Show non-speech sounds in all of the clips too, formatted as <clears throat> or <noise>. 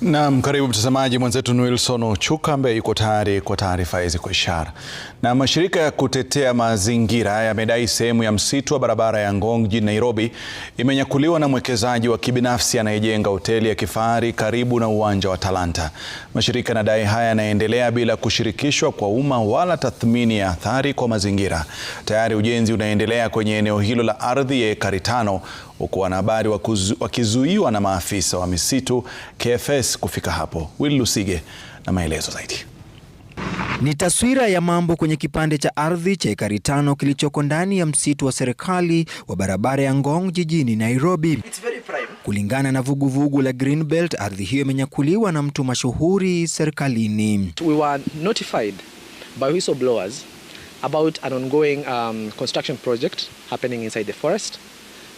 Naam, karibu mtazamaji. Mwenzetu Wilson Ochuka ambaye yuko tayari kwa taarifa hizi kwa ishara. Na mashirika ya kutetea mazingira yamedai sehemu ya msitu wa barabara ya Ngong jijini Nairobi imenyakuliwa na mwekezaji wa kibinafsi anayejenga hoteli ya kifahari karibu na uwanja wa Talanta. Mashirika yanadai haya yanaendelea bila kushirikishwa kwa umma wala tathmini ya athari kwa mazingira. Tayari ujenzi unaendelea kwenye eneo hilo la ardhi ya ekari tano huku wanahabari wakizuiwa na maafisa wa misitu KFS kufika hapo. Will Lusige na maelezo zaidi. Ni taswira ya mambo kwenye kipande cha ardhi cha ekari tano kilichoko ndani ya msitu wa serikali wa barabara ya Ngong jijini Nairobi. Kulingana na vuguvugu vugu la Greenbelt, ardhi hiyo imenyakuliwa na mtu mashuhuri serikalini. We were notified by whistleblowers about an ongoing um, construction project happening inside the forest.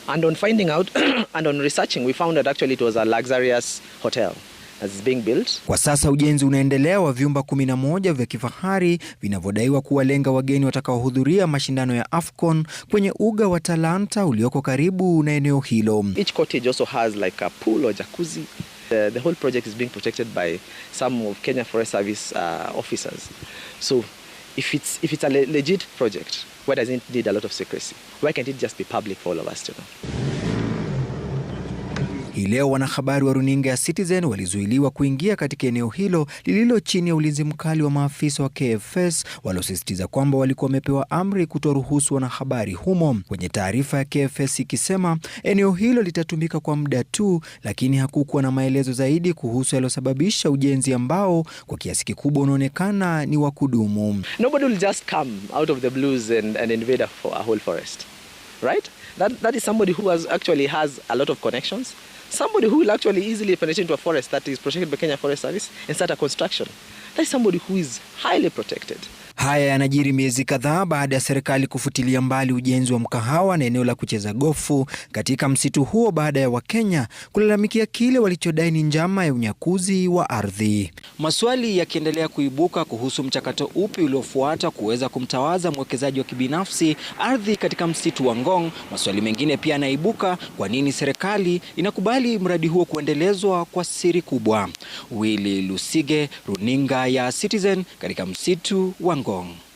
And on finding out <clears throat> and on researching we found that actually it was a luxurious hotel. being built. Kwa sasa ujenzi unaendelea wa vyumba 11 vya kifahari vinavyodaiwa kuwalenga wageni watakaohudhuria mashindano ya Afcon kwenye uga wa Talanta ulioko karibu na eneo hilo. Each cottage also has like a pool or jacuzzi. The, uh, the whole project is being protected by some of Kenya Forest Service uh, officers. So if it's, if it's a legit project, why does it need a lot of secrecy? Why can't it just be public for all of us to know? Hii leo wanahabari wa runinga ya Citizen walizuiliwa kuingia katika eneo hilo lililo chini ya ulinzi mkali wa maafisa wa KFS waliosisitiza kwamba walikuwa wamepewa amri kutoruhusu wanahabari humo, kwenye taarifa ya KFS ikisema eneo hilo litatumika kwa muda tu, lakini hakukuwa na maelezo zaidi kuhusu yaliyosababisha ujenzi ambao kwa kiasi kikubwa unaonekana ni wa kudumu. Right? That, that is somebody who has actually has a lot of connections. Somebody who will actually easily penetrate into a forest that is protected by Kenya Forest Service and start a construction. That is somebody who is highly protected. Haya yanajiri miezi kadhaa baada ya serikali kufutilia mbali ujenzi wa mkahawa na eneo la kucheza gofu katika msitu huo baada ya Wakenya kulalamikia kile walichodai ni njama ya unyakuzi wa ardhi. Maswali yakiendelea kuibuka kuhusu mchakato upi uliofuata kuweza kumtawaza mwekezaji wa kibinafsi ardhi katika msitu wa Ngong. Maswali mengine pia yanaibuka, kwa nini serikali inakubali mradi huo kuendelezwa kwa siri kubwa? Willy Lusige, runinga ya Citizen, katika msitu wa Ngong. Kong.